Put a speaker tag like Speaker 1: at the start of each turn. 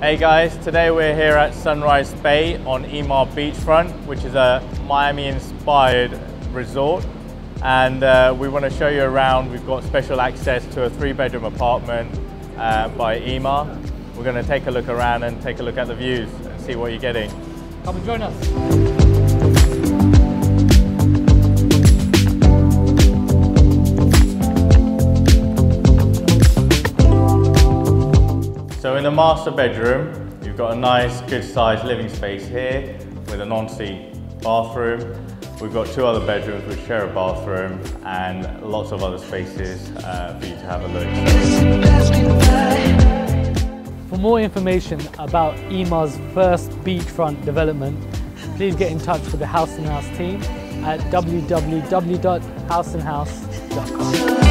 Speaker 1: Hey guys, today we're here at Sunrise Bay on Emar Beachfront, which is a Miami-inspired resort. And uh, we want to show you around. We've got special access to a three-bedroom apartment uh, by Emar. We're going to take a look around and take a look at the views and see what you're getting.
Speaker 2: Come and join us.
Speaker 1: the master bedroom, you've got a nice, good-sized living space here with an ensuite bathroom. We've got two other bedrooms which share a bathroom and lots of other spaces uh, for you to have
Speaker 3: a look. For more information about EMA's first beachfront development, please get in touch with the House & House team at www.houseandhouse.com.